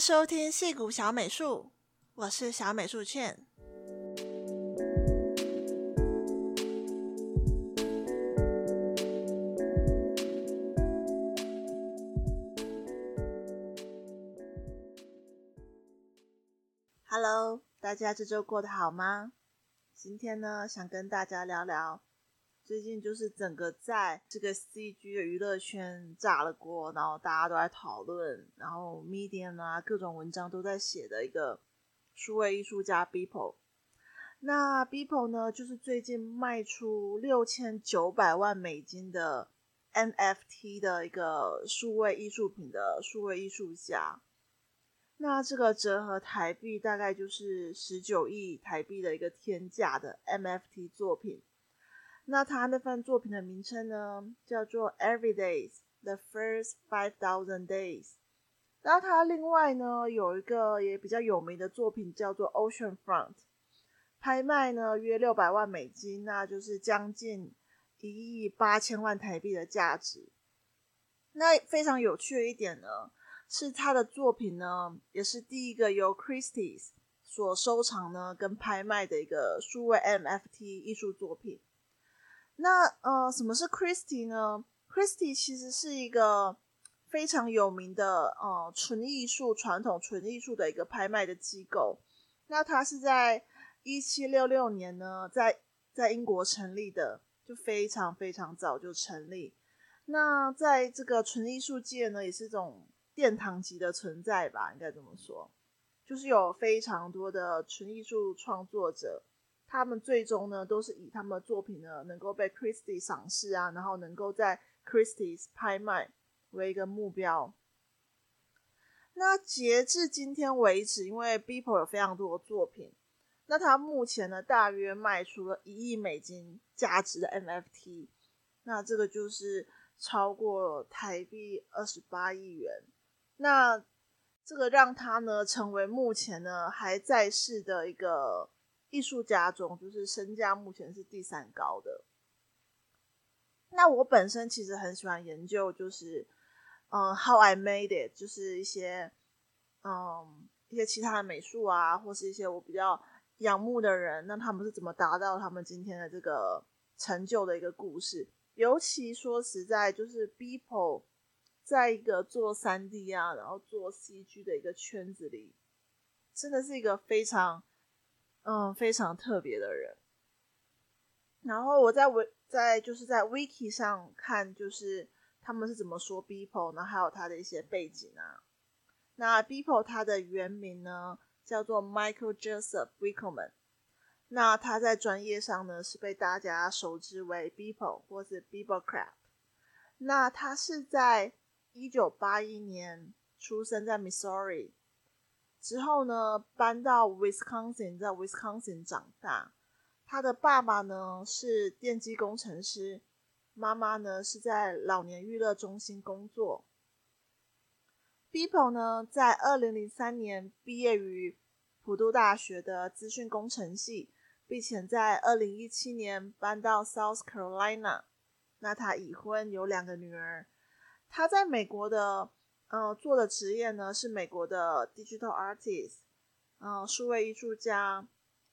收聽矽谷小美術，我是小美術簡。Hello，大家這週過得好嗎？今天呢，想跟大家聊聊。最近就是整個在這個 CG 的娛樂圈炸了鍋，然後大家都在討論，然後 Medium 啊，各種文章都在寫的一個數位藝術家 Beeple。那 Beeple 呢，就是最近賣出六千九百萬美金的 NFT 的一個數位藝術品的數位藝術家。那這個折合台幣大概就是十九億台幣的一個天價的 NFT 作品。那他那份作品的名稱呢，叫做《Everydays: The First Five Thousand Days》。然後他另外呢有一個也比較有名的作品叫做《Ocean Front》，拍賣呢約六百萬美金，那就是將近一億八千萬台幣的價值。那非常有趣的一點呢，是他的作品呢也是第一個由 Christie's 所收藏呢跟拍賣的一個數位 NFT 藝術作品。那呃，什麼是 Christie 呢？Christie 其實是一個非常有名的呃純藝術、傳統純藝術的一個拍賣的機構。那它是在1766年呢，在在英國成立的，就非常非常早就成立。那在這個純藝術界呢，也是一種殿堂級的存在吧？應該這麼說？就是有非常多的純藝術創作者。他們最終呢，都是以他們的作品呢能夠被 Christie 賞識啊，然後能夠在 Christie's 拍賣為一個目標。那截至今天為止，因為 Beeple 有非常多的作品，那他目前呢大約賣出了一億美金價值的 NFT，那這個就是超過台幣二十八億元，那這個讓他呢成為目前呢還在世的一個。藝術家中，就是身價目前是第三高的。那我本身其實很喜歡研究，就是嗯、um，How I Made It，就是一些嗯、um、一些其他的美術啊，或是一些我比較仰慕的人，那他們是怎麼達到他們今天的這個成就的一個故事。尤其說實在，就是 Beeple 在一個做 3D 啊，然後做 CG 的一個圈子裡，真的是一個非常。嗯，非常特別的人。然後我在在就是在 wiki 上看，就是他們是怎麼說 Beeple 呢？還有他的一些背景啊。那 Beeple 他的原名呢叫做 Michael Joseph Winkelmann。那他在專業上呢是被大家熟知為 Beeple 或是 Beeple Crap。那他是在一九八一年出生在 Missouri。之後呢，搬到 Wisconsin，在 Wisconsin 長大。他的爸爸呢是電機工程師，媽媽呢是在老年娛樂中心工作。Beeple 呢在二零零三年畢業於普渡大學的資訊工程系，並且在二零一七年搬到 South Carolina。那他已婚，有兩個女兒。他在美國的。嗯、呃，做的職業呢是美國的 digital artist，嗯、呃，數位藝術家，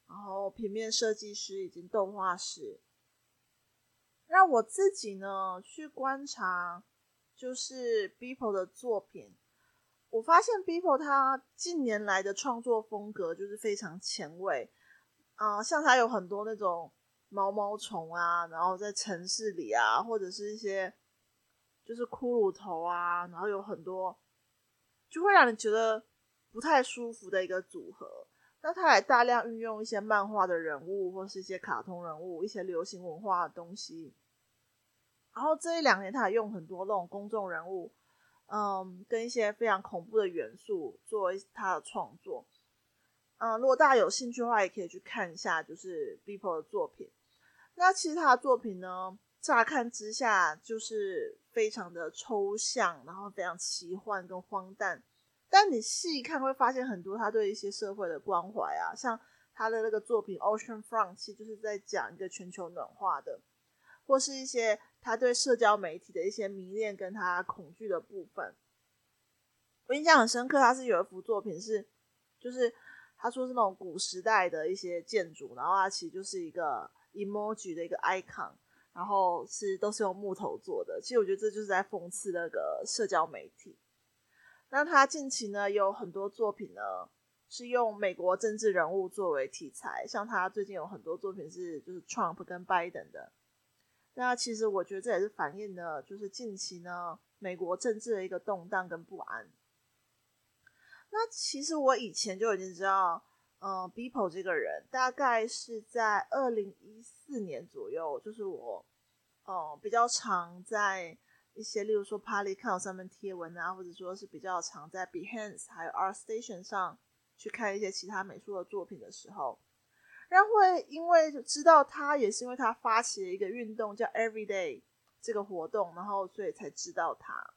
然後平面設計師，以及動畫師。讓我自己呢去觀察，就是 Beeple 的作品，我發現 Beeple 他近年來的創作風格就是非常前衛，啊、呃，像他有很多那種毛毛蟲啊，然後在城市裡啊，或者是一些。就是骷髏頭啊，然後有很多，就會讓你覺得不太舒服的一個組合。那他還大量運用一些漫畫的人物或是一些卡通人物、一些流行文化的東西。然後這一兩年，他還用很多那種公眾人物，嗯，跟一些非常恐怖的元素做他的創作。嗯，如果大家有興趣的話，也可以去看一下，就是 Beeple 的作品。那其實他的作品呢，乍看之下，就是非常的抽象，然後非常奇幻跟荒誕，但你細看會發現很多他對一些社會的關懷啊，像他的那個作品《Ocean Front》其實就是在講一個全球暖化的，或是一些他對社交媒體的一些迷戀跟他恐懼的部分。我印象很深刻，他是有一幅作品是，就是他說是那種古時代的一些建築，然後他其實就是一個 emoji 的一個 icon。然後是都是用木頭做的，其實我覺得這就是在諷刺那個社交媒體。那他近期呢有很多作品呢是用美國政治人物作為題材，像他最近有很多作品是就是 Trump 跟 Biden 的。那其實我覺得這也是反映了就是近期呢美國政治的一個動盪跟不安。那其實我以前就已經知道。嗯，Beeple 這個人大概是在二零一四年左右，就是我，嗯，比較常在一些，例如說 Polycount 上面貼文啊，或者說是比較常在 Behance 還有 ArtStation 上去看一些其他美術的作品的時候，然後會因為知道他，也是因為他發起了一個運動叫 Everyday 這個活動，然後所以才知道他。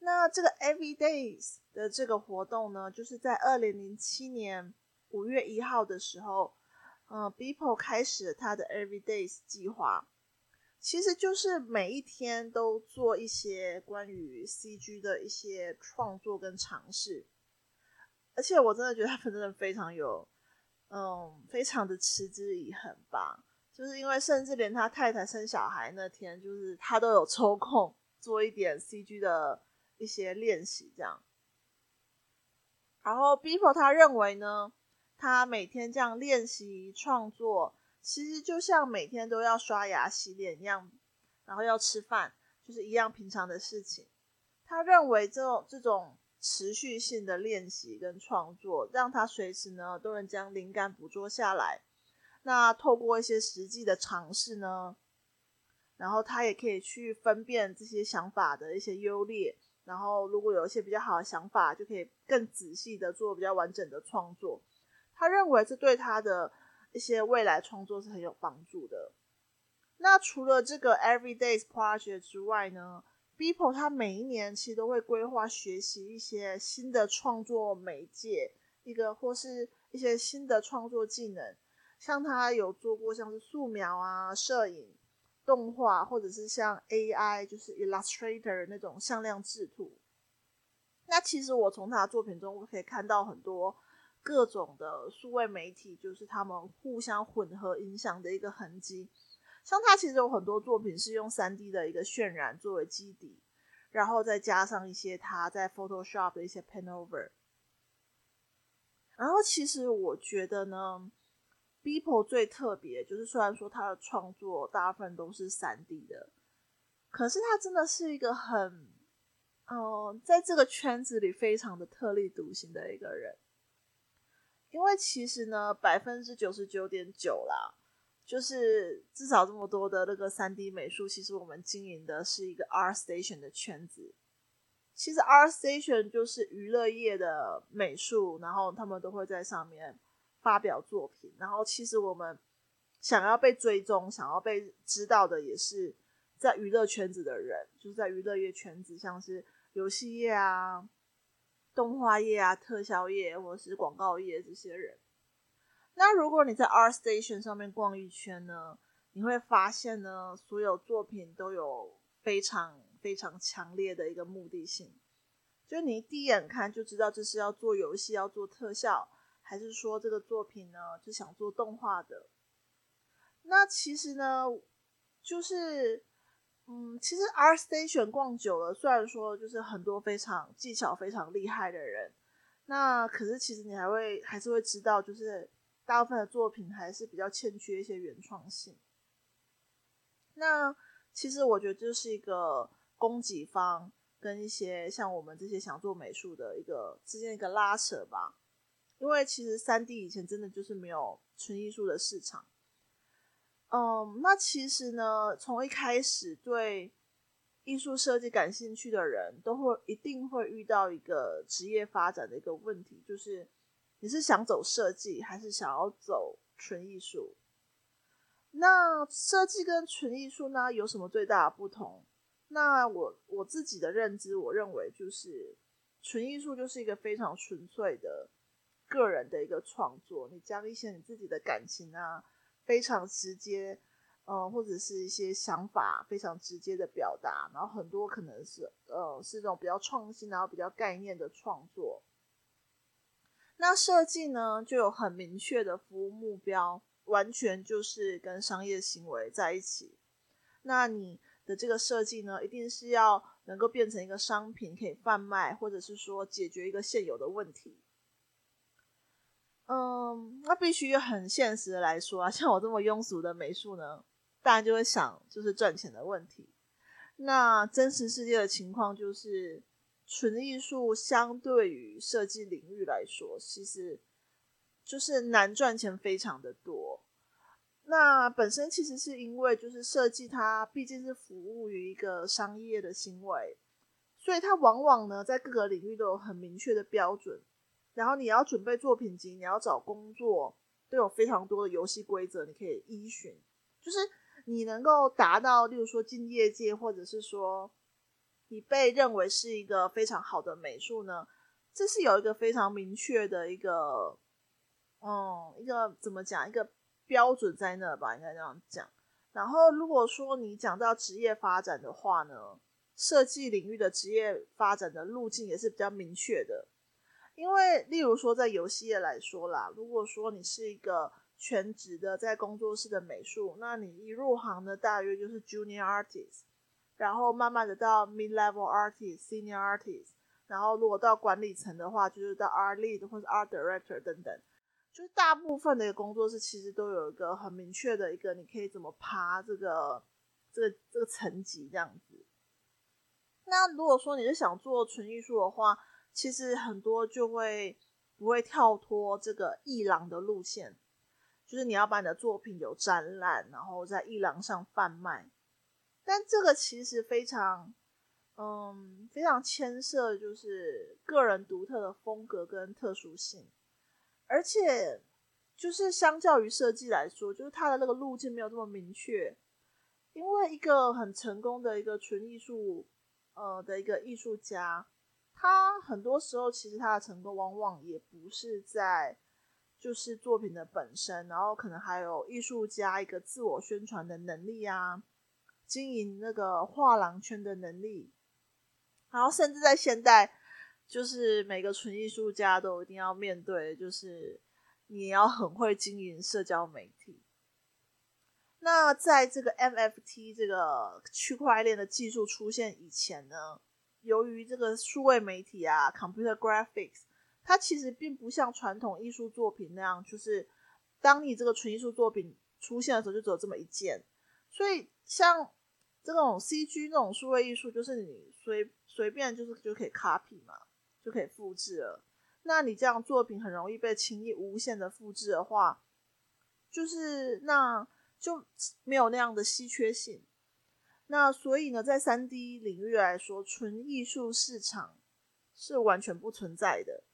那這個 Everydays。的這個活動呢，就是在二零零七年五月一號的時候，嗯，Beeple 開始了他的 Everydays 計劃，其實就是每一天都做一些關於 CG 的一些創作跟嘗試，而且我真的覺得他們真的非常有，嗯，非常的持之以恆吧，就是因為甚至連他太太生小孩那天，就是他都有抽空做一點 CG 的一些練習，這樣。然後 Beeple 他認為呢，他每天這樣練習創作，其實就像每天都要刷牙、洗臉一樣，然後要吃飯，就是一樣平常的事情。他認為這種這種持續性的練習跟創作，讓他隨時呢都能將靈感捕捉下來。那透過一些實際的嘗試呢，然後他也可以去分辨這些想法的一些優劣。然後，如果有一些比較好的想法，就可以更仔細的做比較完整的創作。他認為這對他的一些未來創作是很有幫助的。那除了這個 Everydays Project 之外呢，Beeple 他每一年其實都會規劃學習一些新的創作媒介，一個或是一些新的創作技能。像他有做過像是素描啊、攝影。動畫，或者是像 AI，就是 Illustrator 那種向量製圖。那其實我從他的作品中，我可以看到很多各種的數位媒體，就是他們互相混合影響的一個痕跡。像他其實有很多作品是用三 D 的一個渲染作為基底，然後再加上一些他在 Photoshop 的一些 Paint Over。然後其實我覺得呢。Beeple 最特別就是，雖然說他的創作大部分都是三 D 的，可是他真的是一個很，哦、呃，在這個圈子裡非常的特立獨行的一個人。因為其實呢，百分之九十九點九啦，就是至少這麼多的那個三 D 美術，其實我們經營的是一個 Art Station 的圈子。其實 Art Station 就是娛樂業的美術，然後他們都會在上面。發表作品，然後其實我們想要被追蹤、想要被知道的，也是在娛樂圈子的人，就是在娛樂業圈子，像是遊戲業啊、動畫業啊、特效業或者是廣告業這些人。那如果你在 ArtStation 上面逛一圈呢，你會發現呢，所有作品都有非常非常強烈的一個目的性，就你第一眼看就知道這是要做遊戲、要做特效。還是說這個作品呢，就想做動畫的？那其實呢，就是，嗯，其實 ArtStation 逛久了，雖然說就是很多非常技巧非常厲害的人，那可是其實你還會還是會知道，就是大部分的作品還是比較欠缺一些原創性。那其實我覺得就是一個供給方跟一些像我們這些想做美術的一個之間一個拉扯吧。因為其實 3D 以前真的就是沒有純藝術的市場，嗯，那其實呢，從一開始對藝術設計感興趣的人都會一定會遇到一個職業發展的一個問題，就是你是想走設計還是想要走純藝術？那設計跟純藝術呢，有什麼最大的不同？那我我自己的認知，我認為就是純藝術就是一個非常純粹的。個人的一個創作，你將一些你自己的感情啊，非常直接，呃、嗯，或者是一些想法，非常直接的表達，然後很多可能是呃、嗯、是一種比較創新，然後比較概念的創作。那設計呢，就有很明確的服務目標，完全就是跟商業行為在一起。那你的這個設計呢，一定是要能夠變成一個商品可以販賣，或者是說解決一個現有的問題。嗯，那必須很現實的來說啊，像我這麼庸俗的美術呢，大家就會想就是賺錢的問題。那真實世界的情況就是，純藝術相對於設計領域來說，其實就是難賺錢非常的多。那本身其實是因為就是設計它畢竟是服務於一個商業的行為，所以它往往呢在各個領域都有很明確的標準。然後你要準備作品集，你要找工作，都有非常多的遊戲規則你可以依循，就是你能夠達到，例如說進業界，或者是說你被認為是一個非常好的美術呢，這是有一個非常明確的一個，嗯，一個怎麼講，一個標準在那吧，應該這樣講。然後如果說你講到職業發展的話呢，設計領域的職業發展的路徑也是比較明確的。因為，例如說，在遊戲業來說啦，如果說你是一個全職的在工作室的美術，那你一入行呢，大約就是 Junior Artist，然後慢慢的到 Mid Level Artist、Senior Artist，然後如果到管理層的話，就是到 Art Lead 或者 Art Director 等等，就是大部分的一個工作室其實都有一個很明確的一個你可以怎麼爬這個這個這個層級這樣子。那如果說你是想做純藝術的話，其實很多就會不會跳脫這個藝廊的路線，就是你要把你的作品有展覽，然後在藝廊上販賣。但這個其實非常，嗯，非常牽涉就是個人獨特的風格跟特殊性，而且就是相較於設計來說，就是他的那個路徑沒有這麼明確，因為一個很成功的一個純藝術，呃、嗯，的一個藝術家。他很多時候，其實他的成功往往也不是在就是作品的本身，然後可能還有藝術家一個自我宣傳的能力啊，經營那個畫廊圈的能力，然後甚至在現代，就是每個純藝術家都一定要面對，就是你也要很會經營社交媒體。那在這個 NFT 這個區塊鏈的技術出現以前呢？由於這個數位媒體啊，computer graphics，它其實並不像傳統藝術作品那樣，就是當你這個純藝術作品出現的時候，就只有這麼一件。所以像這種 CG 那種數位藝術，就是你隨隨便就是就可以 copy 嘛，就可以複製了。那你這樣作品很容易被輕易無限的複製的話，就是那就沒有那樣的稀缺性。那所以呢，在 3D 領域來說，純藝術市場是完全不存在的。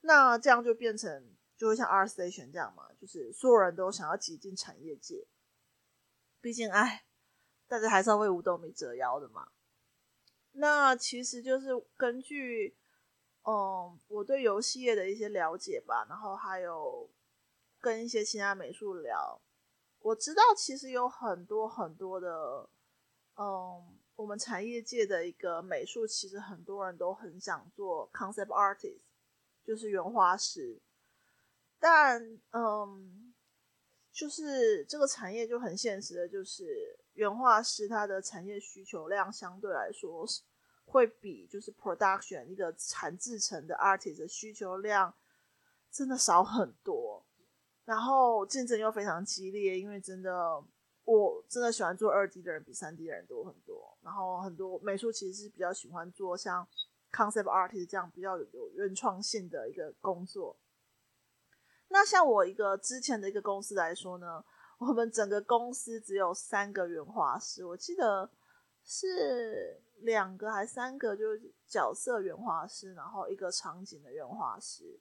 那這樣就變成，就會像 ArtStation 這樣嘛，就是所有人都想要擠進產業界。畢竟，哎，大家還是要為五斗米折腰的嘛。那其實就是根據，嗯，我對遊戲業的一些了解吧，然後還有跟一些其他美術聊，我知道其實有很多很多的。嗯、um，我們產業界的一個美術，其實很多人都很想做 concept artist，就是原畫師。但嗯，um, 就是這個產業就很現實的，就是原畫師他的產業需求量相對來說會比就是 production 一個產制成的 artist 的需求量真的少很多，然後競爭又非常激烈，因為真的。我真的喜歡做 2D 的人比 3D 的人多很多，然後很多美術其實是比較喜歡做像 concept artist 這樣比較有有原創性的一個工作。那像我一個之前的一個公司來說呢，我們整個公司只有三個原畫師，我記得是兩個還三個，就是角色原畫師，然後一個場景的原畫師。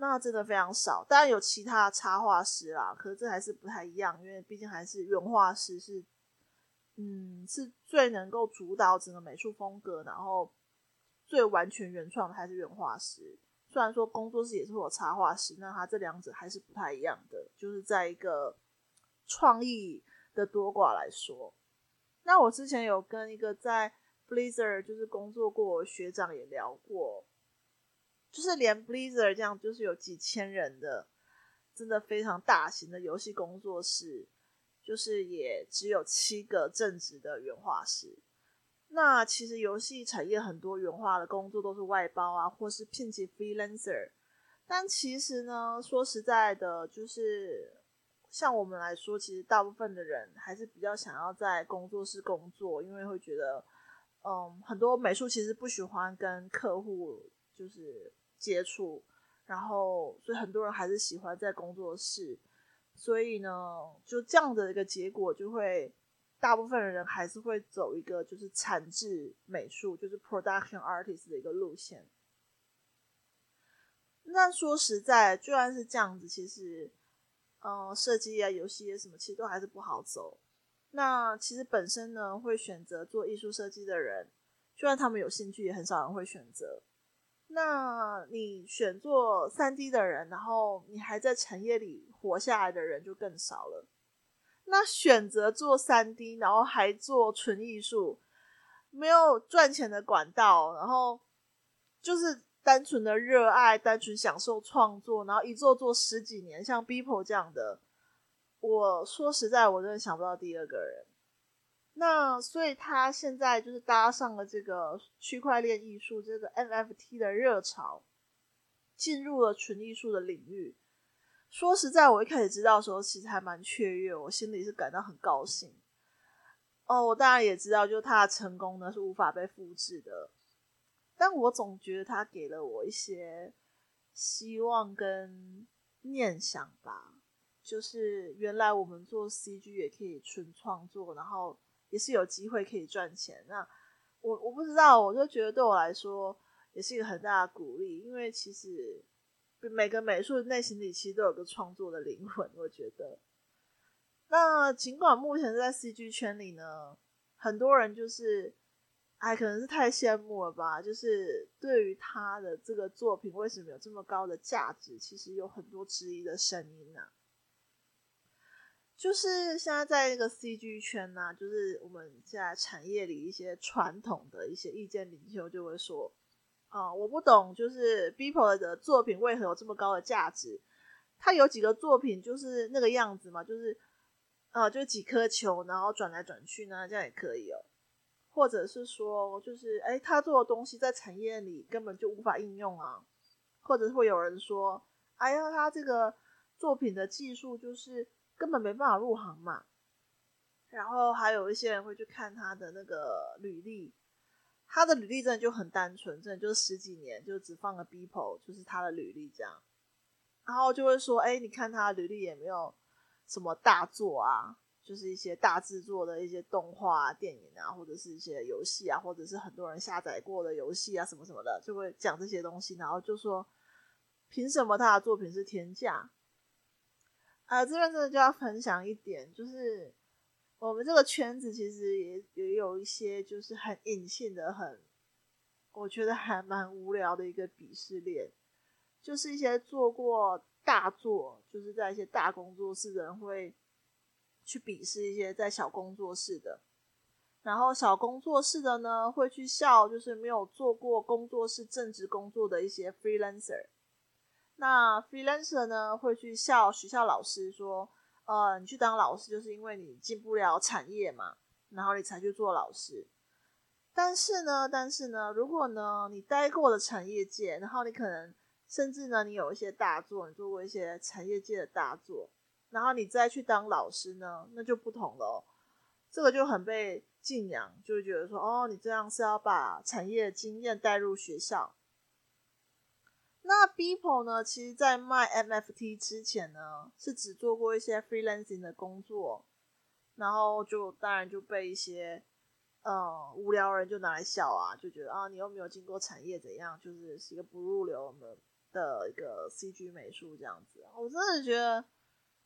那真的非常少，當然有其他插畫師啦，可是這還是不太一樣，因為畢竟還是原畫師是，嗯，是最能夠主導整個美術風格，然後最完全原創的還是原畫師。雖然說工作室也是我有插畫師，那他這兩者還是不太一樣的，就是在一個創意的多寡來說。那我之前有跟一個在 Blizzard 就是工作過學長也聊過。就是連 Blizzard 這樣就是有幾千人的，真的非常大型的遊戲工作室，就是也只有七個正職的原畫師。那其實遊戲產業很多原畫的工作都是外包啊，或是聘請 freelancer。但其實呢，說實在的，就是像我們來說，其實大部分的人還是比較想要在工作室工作，因為會覺得，嗯，很多美術其實不喜歡跟客戶就是。接觸，然後所以很多人還是喜歡在工作室，所以呢，就這樣的一個結果，就會大部分的人還是會走一個就是產制美術，就是 production artist 的一個路線。那說實在，雖然是這樣子，其實，嗯、呃，設計啊、遊戲啊什麼，其實都還是不好走。那其實本身呢，會選擇做藝術設計的人，就算他們有興趣，也很少人會選擇。那你選做三 D 的人，然後你還在產業裡活下來的人就更少了。那選擇做三 D，然後還做純藝術，沒有賺錢的管道，然後就是單純的熱愛，單純享受創作，然後一做做十幾年，像 Beeple 這樣的，我說實在，我真的想不到第二個人。那所以他現在就是搭上了這個區塊鏈藝術這個 NFT 的熱潮，進入了純藝術的領域。說實在，我一開始知道的時候，其實還蠻雀躍，我心裡是感到很高興。哦，我當然也知道，就他的成功呢是無法被複製的，但我總覺得他給了我一些希望跟念想吧。就是原來我們做 CG 也可以純創作，然後。也是有機會可以賺錢。那我我不知道，我就覺得對我來說也是一個很大的鼓勵，因為其實每個美術的內心裡其實都有個創作的靈魂。我覺得，那儘管目前在 CG 圈裡呢，很多人就是，哎，可能是太羨慕了吧？就是對於他的這個作品為什麼有這麼高的價值，其實有很多質疑的聲音呢、啊。就是現在在那個 CG 圈吶、啊，就是我們現在產業裡一些傳統的一些意見領袖就會說，啊、嗯，我不懂，就是 Beeple 的作品為何有這麼高的價值？他有幾個作品就是那個樣子嘛，就是啊、嗯、就幾顆球然後轉來轉去呢，這樣也可以哦。或者是說，就是哎，他做的東西在產業裡根本就無法應用啊。或者會有人說，哎呀，他這個作品的技術就是。根本沒辦法入行嘛，然後還有一些人會去看他的那個履歷，他的履歷真的就很單純，真的就是十幾年，就只放個 Beeple，就是他的履歷這樣，然後就會說，哎，你看他的履歷也沒有什麼大作啊，就是一些大製作的一些動畫啊，電影啊，或者是一些遊戲啊，或者是很多人下載過的遊戲啊，什麼什麼的，就會講這些東西，然後就說，憑什麼他的作品是天價？啊，這邊真的就要分享一點，就是我們這個圈子其實也也有一些，就是很隱性的，很，我覺得還蠻無聊的一個鄙視鏈，就是一些做過大作，就是在一些大工作室的人會去鄙視一些在小工作室的，然後小工作室的呢，會去笑，就是沒有做過工作室正職工作的一些 freelancer。那 freelancer 呢會去笑學校老師說，呃，你去當老師就是因為你進不了產業嘛，然後你才去做老師。但是呢，但是呢，如果呢你待過了產業界，然後你可能甚至呢你有一些大作，你做過一些產業界的大作，然後你再去當老師呢，那就不同了哦。這個就很被敬仰，就覺得說，哦，你這樣是要把產業的經驗帶入學校。那 Beeple 呢？其實，在賣 NFT 之前呢，是只做過一些 freelancing 的工作，然後就當然就被一些嗯無聊人就拿來笑啊，就覺得啊，你又沒有經過產業，怎樣，就是一個不入流的的一個 CG 美術這樣子。我真的覺得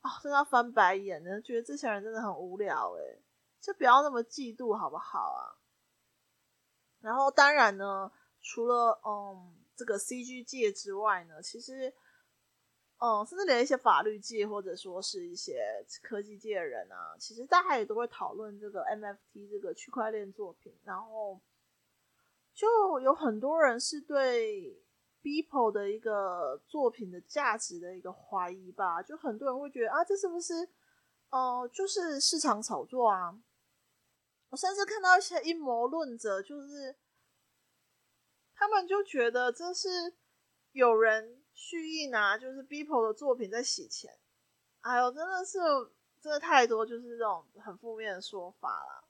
啊，真的要翻白眼，覺得這些人真的很無聊哎、欸，就不要那麼嫉妒好不好啊？然後當然呢，除了嗯。這個 CG 界之外呢，其實，嗯，甚至連一些法律界或者說是一些科技界的人啊，其實大家也都會討論這個 NFT 這個區塊鏈作品。然後，就有很多人是對 Beeple 的一個作品的價值的一個懷疑吧。就很多人會覺得啊，這是不是，哦、嗯，就是市場炒作啊？我甚至看到一些陰謀論者，就是。他們就覺得這是有人蓄意拿就是 Beeple 的作品在洗錢，哎呦，真的是真的太多，就是這種很負面的說法了。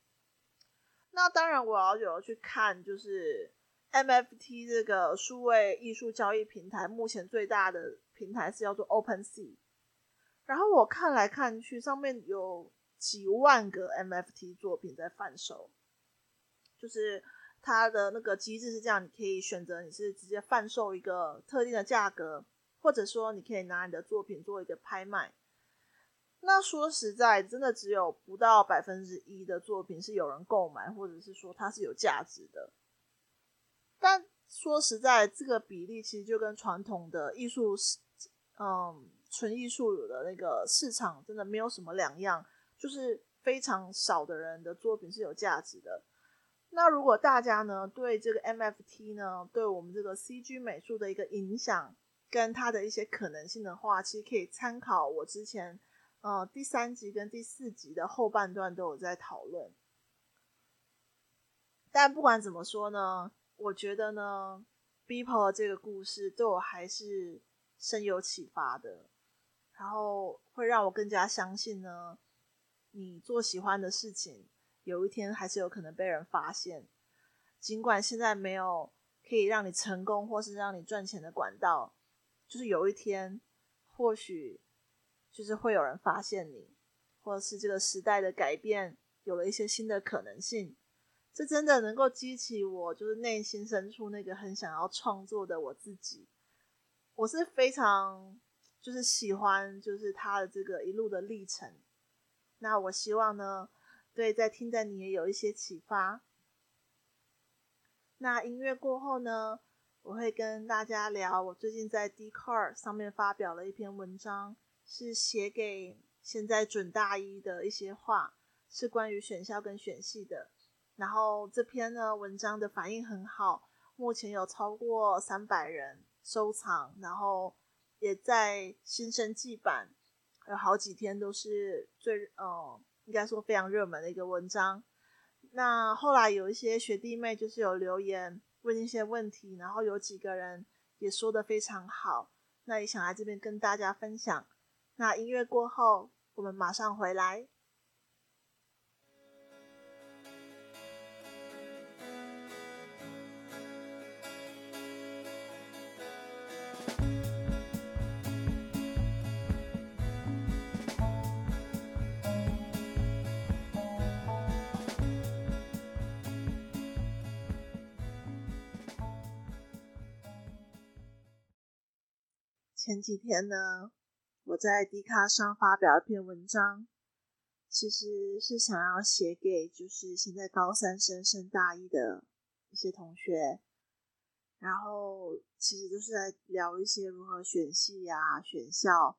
那當然，我有去看就是 NFT 這個數位藝術交易平台，目前最大的平台是叫做 OpenSea，然後我看來看去，上面有幾萬個 NFT 作品在販售，就是。它的那個機制是這樣，你可以選擇你是直接販售一個特定的價格，或者說你可以拿你的作品做一個拍賣。那說實在，真的只有不到百分之一的作品是有人購買，或者是說它是有價值的。但說實在，這個比例其實就跟傳統的藝術，嗯，純藝術的那個市場真的沒有什麼兩樣，就是非常少的人的作品是有價值的。那如果大家呢對這個 NFT 呢，對我們這個 CG 美術的一個影響，跟它的一些可能性的話，其實可以參考我之前，呃，第三集跟第四集的後半段都有在討論。但不管怎麼說呢，我覺得呢，Beeple 這個故事對我還是深有啟發的，然後會讓我更加相信呢，你做喜歡的事情，有一天還是有可能被人發現，儘管現在沒有可以讓你成功或是讓你賺錢的管道，就是有一天或許就是會有人發現你，或者是這個時代的改變有了一些新的可能性，這真的能夠激起我就是內心深處那個很想要創作的我自己。我是非常就是喜歡就是他的這個一路的歷程，那我希望呢，對，在聽着你也有一些啟發。那音樂過後呢，我會跟大家聊。我最近在 Dcard 上面發表了一篇文章，是寫給現在準大一的一些話，是關於選校跟選系的。然後這篇呢，文章的反應很好，目前有超過三百人收藏，然後也在新生季版，有好幾天都是最，呃，應該說非常熱門的一個文章。那後來有一些學弟妹就是有留言問一些問題，然後有幾個人也說得非常好，那也想來這邊跟大家分享。那音樂過後，我們馬上回來。前幾天呢，我在 D 卡上發表一篇文章，其實是想要寫給就是現在高三生升大一的一些同學，然後其實就是在聊一些如何選系啊、選校，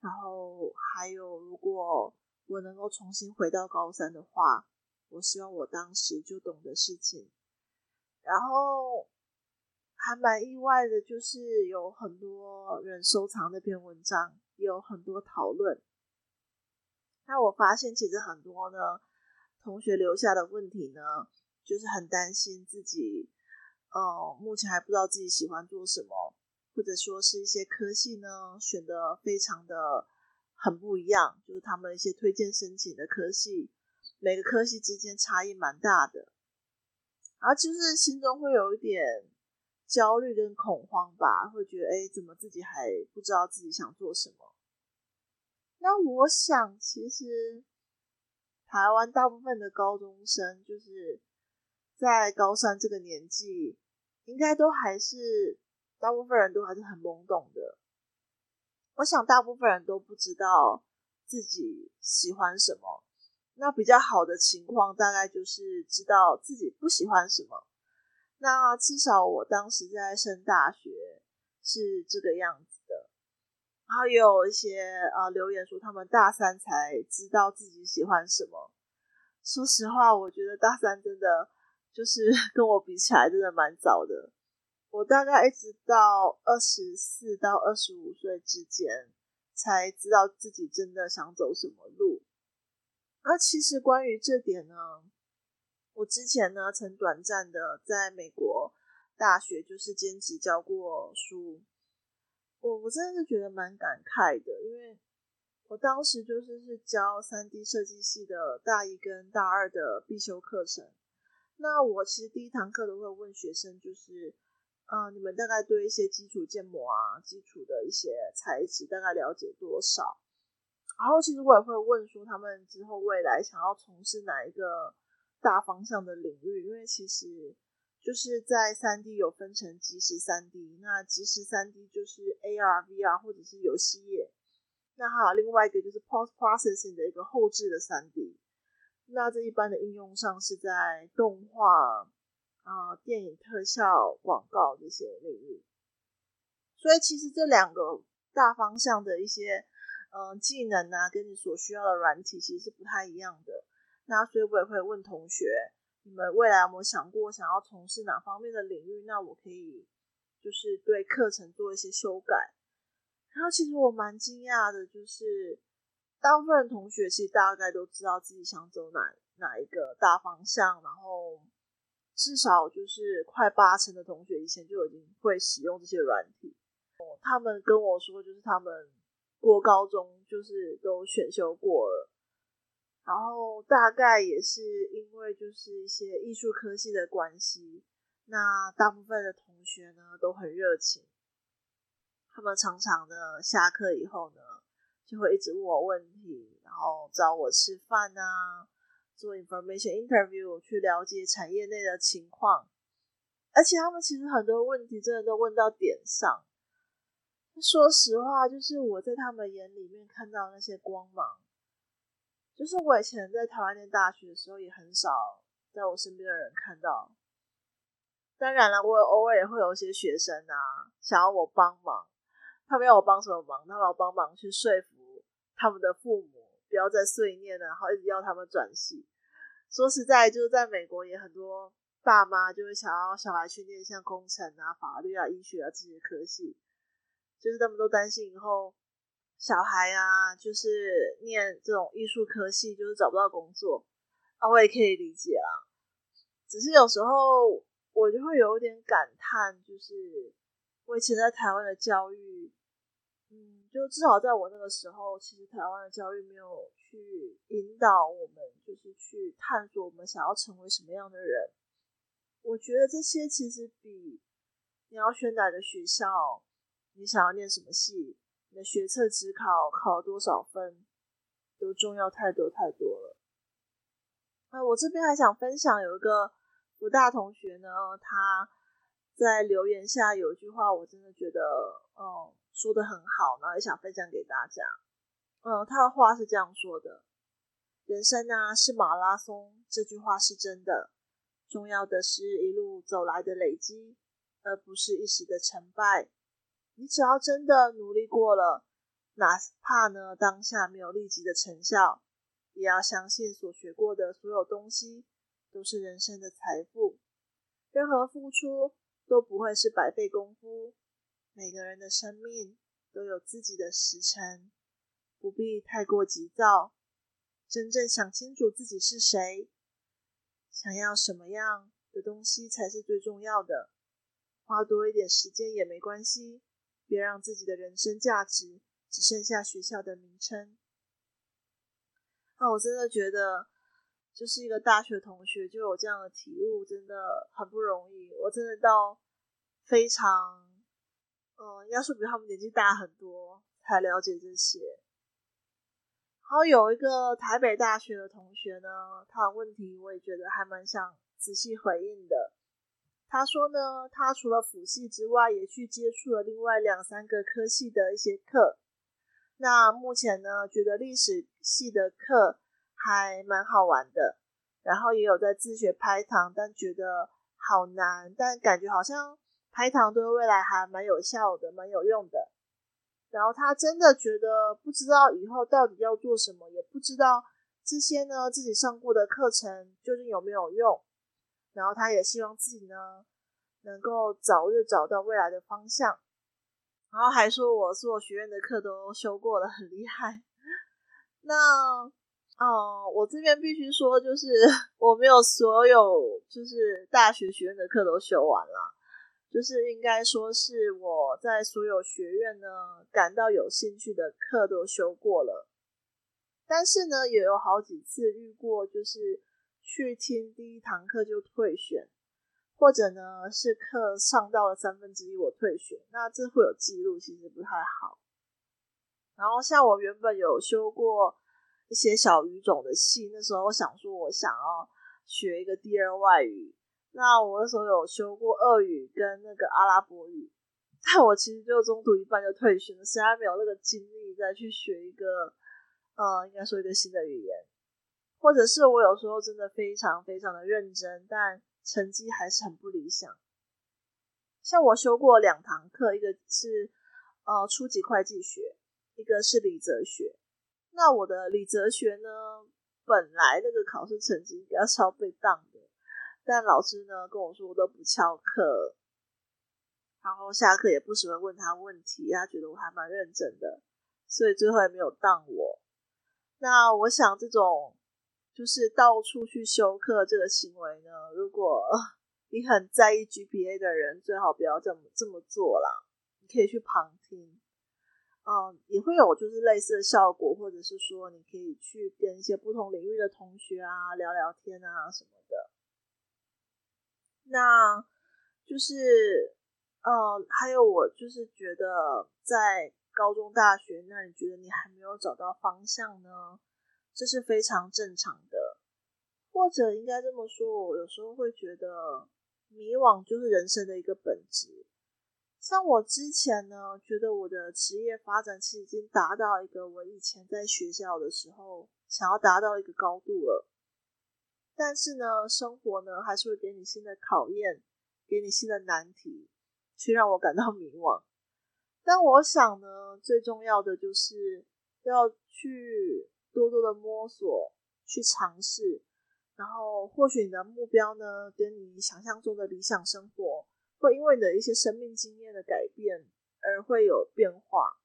然後還有如果我能夠重新回到高三的話，我希望我當時就懂的事情，然後。還蠻意外的，就是有很多人收藏那篇文章，也有很多討論。那我發現，其實很多呢同學留下的問題呢，就是很擔心自己，哦、呃，目前還不知道自己喜歡做什麼，或者說是一些科系呢選的非常的很不一樣，就是他們一些推薦申請的科系，每個科系之間差異蠻大的，然後就是心中會有一點，焦慮跟恐慌吧，會覺得欸，怎麼自己還不知道自己想做什麼？那我想，其實台灣大部分的高中生，就是在高三這個年紀，應該都還是大部分人都還是很懵懂的。我想大部分人都不知道自己喜歡什麼。那比較好的情況，大概就是知道自己不喜歡什麼。那至少我當時在升大學是這個樣子的，然後也有一些啊留言說他們大三才知道自己喜歡什麼。說實話，我覺得大三真的就是跟我比起來，真的蠻早的。我大概一直到二十四到二十五歲之間，才知道自己真的想走什麼路。那其實關於這點呢？我之前呢，曾短暫的在美國大學就是兼職教過書，我我真的是覺得蠻感慨的，因為我當時就是是教 3D 設計系的大一跟大二的必修課程。那我其實第一堂課都會問學生，就是，嗯、呃，你們大概對一些基礎建模啊、基礎的一些材質，大概了解多少？然後其實我也會問說，他們之後未來想要從事哪一個？大方向的領域，因為其實就是在三 D 有分成即時三 D，那即時三 D 就是 AR、VR 或者是遊戲業，那還有另外一個就是 Post Processing 的一個後置的三 D，那這一般的應用上是在動畫、啊、呃、電影特效、廣告這些領域，所以其實這兩個大方向的一些嗯、呃、技能啊，跟你所需要的軟體其實是不太一樣的。那所以，我也會問同學，你們未來有沒有想過想要從事哪方面的領域？那我可以就是對課程做一些修改。然後，其實我蠻驚訝的，就是大部分同學其實大概都知道自己想走哪哪一個大方向，然後至少就是快八成的同學以前就已經會使用這些軟體。他們跟我說，就是他們過高中就是都選修過了。然後大概也是因為就是一些藝術科系的關係，那大部分的同學呢都很熱情，他們常常呢下課以後呢就會一直問我問題，然後找我吃飯啊，做 information interview 去了解產業內的情況，而且他們其實很多問題真的都問到點上。說實話，就是我在他們眼裡面看到那些光芒。就是我以前在台灣念大學的時候，也很少在我身邊的人看到。當然了，我偶爾也會有一些學生啊，想要我幫忙。他們要我幫什麼忙？他們要我幫忙去說服他們的父母不要再碎念了，然後一直要他們轉系。說實在，就是在美國也很多爸媽就會想要小孩去念像工程啊、法律啊、醫學啊這些科系，就是他們都擔心以後。小孩啊，就是念這種藝術科系，就是找不到工作啊，我也可以理解啊，理解啦。只是有時候我就會有點感嘆，就是我以前在台灣的教育，嗯，就至少在我那個時候，其實台灣的教育沒有去引導我們，就是去探索我們想要成為什麼樣的人。我覺得這些其實比你要選哪個學校，你想要念什麼系。你的學測、指考考多少分都重要太多太多了。那我這邊還想分享有一個福大同學呢，他在留言下有一句話，我真的覺得，嗯，說得很好，然後也想分享給大家。嗯，他的話是這樣說的：“人生啊，是馬拉松，這句話是真的。重要的是一路走來的累積，而不是一時的成敗。”你只要真的努力過了，哪怕呢，當下沒有立即的成效，也要相信所學過的所有東西都是人生的財富。任何付出都不會是白費功夫。每個人的生命都有自己的時辰，不必太過急躁。真正想清楚自己是誰，想要什麼樣的東西才是最重要的。花多一點時間也沒關係。別讓自己的人生價值只剩下學校的名稱。那我真的覺得，就是一個大學同學就有這樣的體悟，真的很不容易。我真的到非常，嗯，應該說比他們年紀大很多才了解這些。然後有一個台北大學的同學呢，他的問題我也覺得還蠻想仔細回應的。他說呢，他除了輔系之外，也去接觸了另外兩三個科系的一些課。那目前呢，覺得歷史系的課還蠻好玩的，然後也有在自學排堂，但覺得好難，但感覺好像排堂對未來還蠻有效的，蠻有用的。然後他真的覺得不知道以後到底要做什麼，也不知道這些呢，自己上過的課程究竟有沒有用。然後他也希望自己呢，能夠早日找到未來的方向。然後還說我所有學院的課都修過了，很厲害。那，哦，我這邊必須說，就是我沒有所有就是大學學院的課都修完了，就是應該說是我在所有學院呢感到有興趣的課都修過了。但是呢，也有好幾次遇過，就是。去聽第一堂課就退選，或者呢是課上到了三分之一我退選，那這會有記錄，其實不太好。然後像我原本有修過一些小語種的系，那時候我想說我想要學一個第二外語，那我那時候有修過俄語跟那個阿拉伯語，但我其實就中途一半就退學了，實在沒有那個精力再去學一個，呃，應該說一個新的語言。或者是我有時候真的非常非常的認真，但成績還是很不理想。像我修過兩堂課，一個是呃初級會計學，一個是理則學。那我的理則學呢，本來那個考試成績比較是要被當的，但老師呢跟我說我都不翹課，然後下課也不喜歡問他問題，他覺得我還蠻認真的，所以最後也沒有當我。那我想這種。就是到處去修課這個行為呢，如果你很在意 GPA 的人，最好不要這麼這麼做啦。你可以去旁聽，嗯，也會有就是類似的效果，或者是說你可以去跟一些不同領域的同學啊聊聊天啊什麼的。那就是，呃、嗯，還有我就是覺得在高中、大學，那你覺得你還沒有找到方向呢？這是非常正常的，或者應該這麼說，我有時候會覺得迷惘，就是人生的一個本質。像我之前呢，覺得我的職業發展其實已經達到一個我以前在學校的時候想要達到一個高度了，但是呢，生活呢還是會給你新的考驗，給你新的難題，去讓我感到迷惘。但我想呢，最重要的就是要去。多多的摸索去嘗試，然後或許你的目標呢，跟你想象中的理想生活，會因為你的一些生命經驗的改變而會有變化。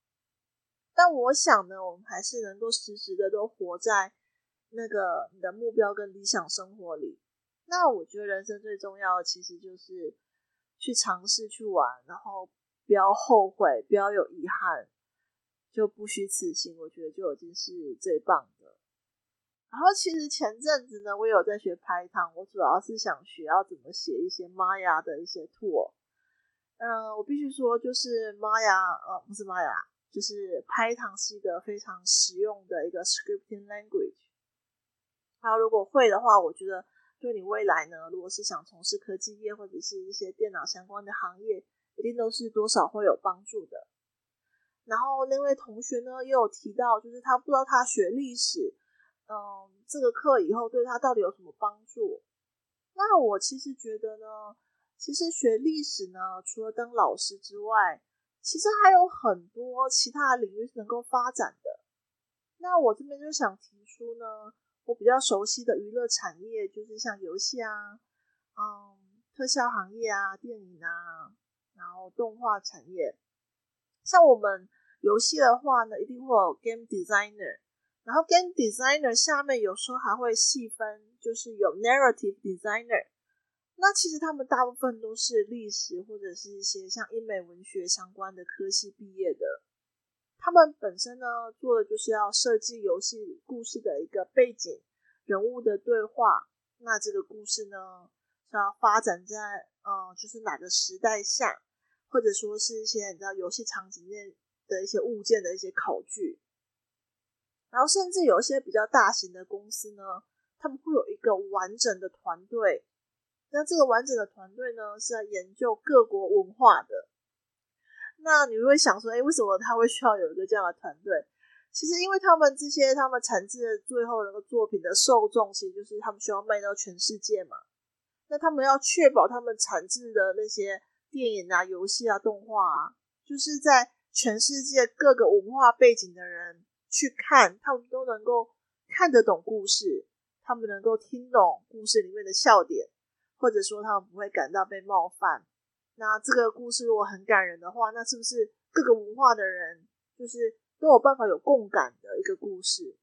但我想呢，我們還是能夠時時的都活在那個你的目標跟理想生活裡。那我覺得人生最重要的其實就是去嘗試、去玩，然後不要後悔，不要有遺憾。就不虛此行，我覺得就已經是最棒的。然後其實前陣子呢，我也有在學 Python，我主要是想學要怎麼寫一些 Maya 的一些 tool，嗯，我必須說，就是 Maya，呃，不是 Maya，就是 Python 是一個非常實用的一個 scripting language。然後如果會的話，我覺得對你未來呢，如果是想從事科技業或者是一些電腦相關的行業，一定都是多少會有幫助的。然後那位同學呢，又有提到，就是他不知道他學歷史，嗯，這個課以後對他到底有什麼幫助？那我其實覺得呢，其實學歷史呢，除了當老師之外，其實還有很多其他的領域是能夠發展的。那我這邊就想提出呢，我比較熟悉的娛樂產業，就是像遊戲啊，嗯，特效行業啊，電影啊，然後動畫產業。像我們遊戲的話呢，一定會有 game designer，然後 game designer 下面有時候還會細分，就是有 narrative designer。那其實他們大部分都是歷史或者是一些像英美文學相關的科系畢業的。他們本身呢，做的就是要設計遊戲故事的一個背景、人物的對話。那這個故事呢，是要發展在嗯，就是哪個時代下？或者說是一些你知道遊戲場景裡面的一些物件的一些考據，然後甚至有一些比較大型的公司呢，他們會有一個完整的團隊。那這個完整的團隊呢，是在研究各國文化的。那你會想說，哎、欸，為什麼他會需要有一個這樣的團隊？其實，因為他們這些他們產製的最後那個作品的受眾其實就是他們需要賣到全世界嘛。那他們要確保他們產製的那些。電影啊，遊戲啊，動畫啊，就是在全世界各個文化背景的人去看，他們都能夠看得懂故事，他們能夠聽懂故事裡面的笑點，或者說他們不會感到被冒犯。那這個故事如果很感人的話，那是不是各個文化的人就是都有辦法有共感的一個故事？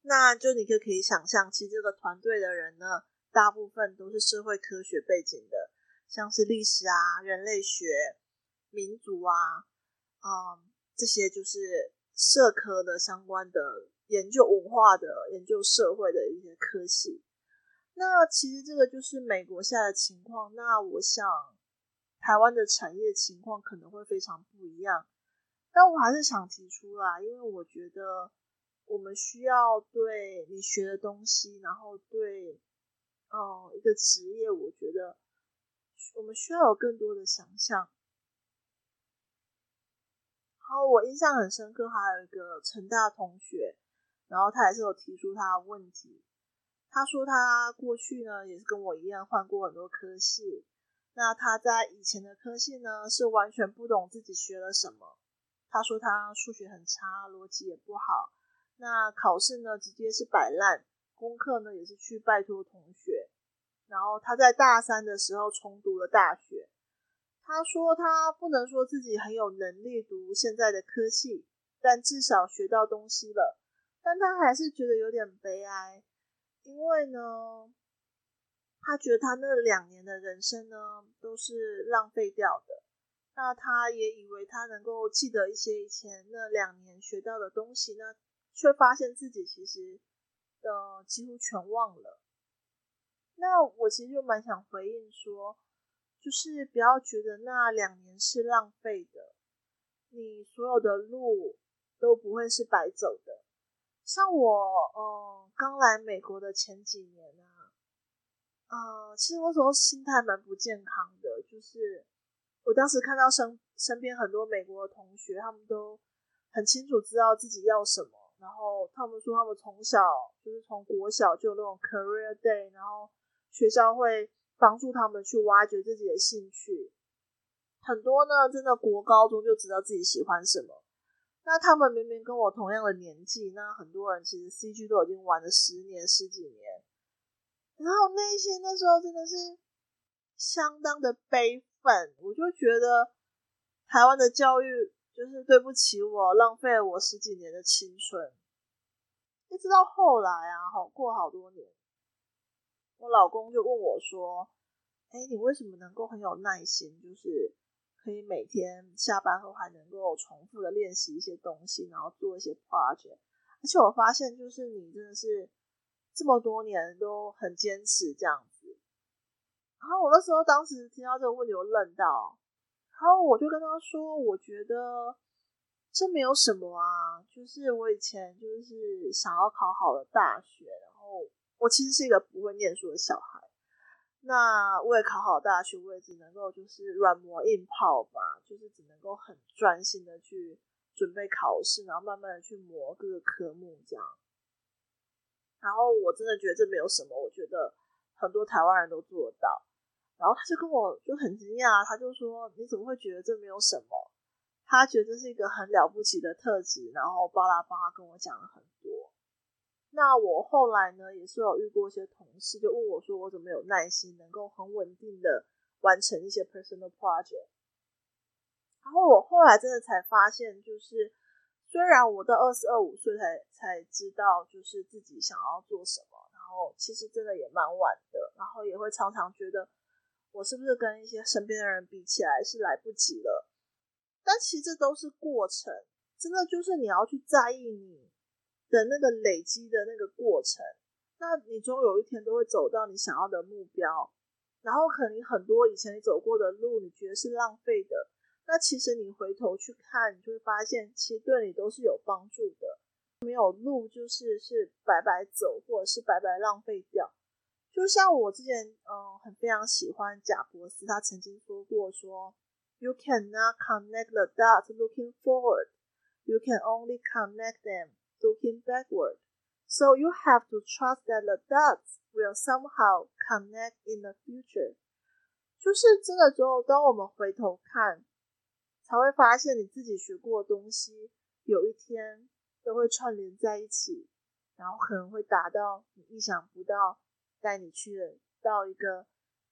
那就你就可以想象，其實這個團隊的人呢，大部分都是社會科學背景的。像是歷史啊、人類學、民族啊、嗯、這些就是社科的相關的研究文化的研究社會的一些科系。那其實這個就是美國現在的情況。那我想台灣的產業情況可能會非常不一樣。但我還是想提出啦，因為我覺得我們需要對你學的東西，然後對，嗯，一個職業我。我們需要有更多的想象。然後我印象很深刻，還有一個成大同學，然後他也是有提出他的問題。他說他過去呢也是跟我一樣換過很多科系，那他在以前的科系呢是完全不懂自己學了什麼。他說他數學很差，邏輯也不好，那考試呢直接是擺爛，功課呢也是去拜託同學。然後他在大三的時候重讀了大學。他說他不能說自己很有能力讀現在的科系，但至少學到東西了。但他還是覺得有點悲哀，因為呢，他覺得他那兩年的人生呢都是浪費掉的。那他也以為他能夠記得一些以前那兩年學到的東西呢，那卻發現自己其實呃幾乎全忘了。那我其實就蠻想回應說，就是不要覺得那兩年是浪費的，你所有的路都不會是白走的。像我，嗯、呃，剛來美國的前幾年啊，嗯、呃，其實那時候心態蠻不健康的，就是我當時看到身身邊很多美國的同學，他們都很清楚知道自己要什麼，然後他們說他們從小就是從國小就有那種 career day，然後學校會幫助他們去挖掘自己的興趣，很多呢，真的國高中就知道自己喜歡什麼。那他們明明跟我同樣的年紀，那很多人其實 CG 都已經玩了十年十幾年，然後那些那時候真的是相當的悲憤，我就覺得台灣的教育就是對不起我，浪費了我十幾年的青春。一直到後來啊，好過好多年。我老公就問我說：“哎，你為什麼能夠很有耐心？就是可以每天下班後還能夠重複的練習一些東西，然後做一些 project。而且我發現，就是你真的是這麼多年都很堅持這樣子。然後我那時候當時聽到這個問題，我愣到。然後我就跟他說，我覺得這沒有什麼啊，就是我以前就是想要考好的大學，然後。”我其實是一個不會念書的小孩，那為考好大學，我也只能夠就是軟磨硬泡吧，就是只能夠很專心的去準備考試，然後慢慢的去磨各個科目這樣。然後我真的覺得這沒有什麼，我覺得很多台灣人都做得到。然後他就跟我就很驚訝，他就說，你怎麼會覺得這沒有什麼？他覺得這是一個很了不起的特質，然後巴拉巴拉跟我講了很那我後來呢，也是有遇過一些同事，就問我說，我怎麼有耐心，能夠很穩定的完成一些 personal project。然後我後來真的才發現，就是雖然我到二十二五歲才才知道，就是自己想要做什麼，然後其實真的也蠻晚的，然後也會常常覺得，我是不是跟一些身邊的人比起來是來不及了。但其實這都是過程，真的就是你要去在意你。的那個累積的那個過程，那你終有一天都會走到你想要的目標。然後可能很多以前你走過的路，你覺得是浪費的，那其實你回頭去看，你就會發現其實對你都是有幫助的。沒有路就是是白白走，或者是白白浪費掉。就像我之前嗯很非常喜歡賈伯斯，他曾經說過說，You cannot connect the dots looking forward，you can only connect them。Looking backward, so you have to trust that the dots will somehow connect in the future. 就是真的只有當我們回頭看，才會發現你自己學過的東西，有一天都會串聯在一起，然後可能會達到你意想不到，帶你去到一個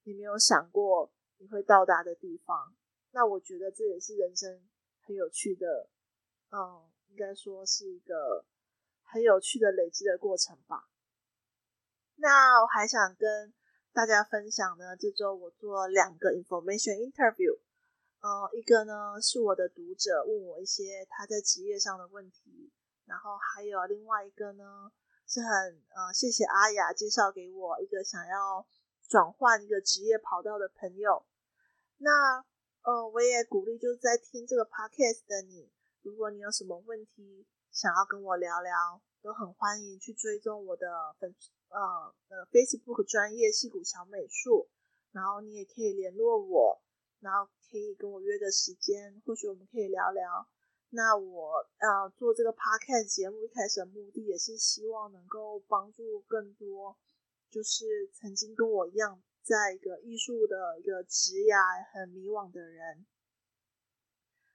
你沒有想過你會到達的地方。那我覺得這也是人生很有趣的，嗯，應該說是一個。很有趣的累積的過程吧。那我還想跟大家分享呢，這週我做了兩個 information interview，呃，一個呢是我的讀者問我一些他在職業上的問題，然後還有另外一個呢是很呃謝謝阿雅介紹給我一個想要轉換一個職業跑道的朋友。那呃，我也鼓勵就是在聽這個 podcast 的你，如果你有什麼問題想要跟我聊聊。都很歡迎去追蹤我的粉呃，呃 Facebook 專頁矽谷小美術，然後你也可以聯絡我，然後可以跟我約個時間，或許我們可以聊聊。那我呃做這個 Podcast 節目一開始的目的也是希望能夠幫助更多，就是曾經跟我一樣在一個藝術的一個職涯很迷惘的人，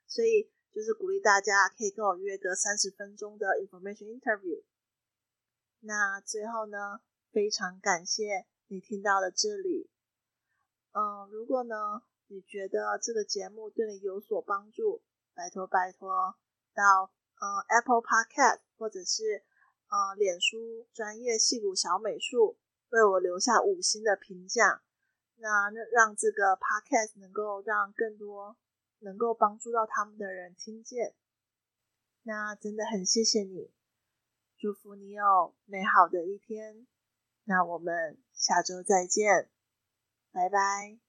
所以。就是鼓勵大家可以跟我約個三十分鐘的 information interview。那最後呢，非常感謝你聽到了這裡。嗯，如果呢你覺得這個節目對你有所幫助，拜託拜託到嗯 Apple Podcast 或者是嗯臉書專頁矽谷小美術為我留下五星的評價，那那讓這個 podcast 能夠讓更多。能夠幫助到他們的人聽見，那真的很謝謝你，祝福你有美好的一天，那我們下週再見，拜拜。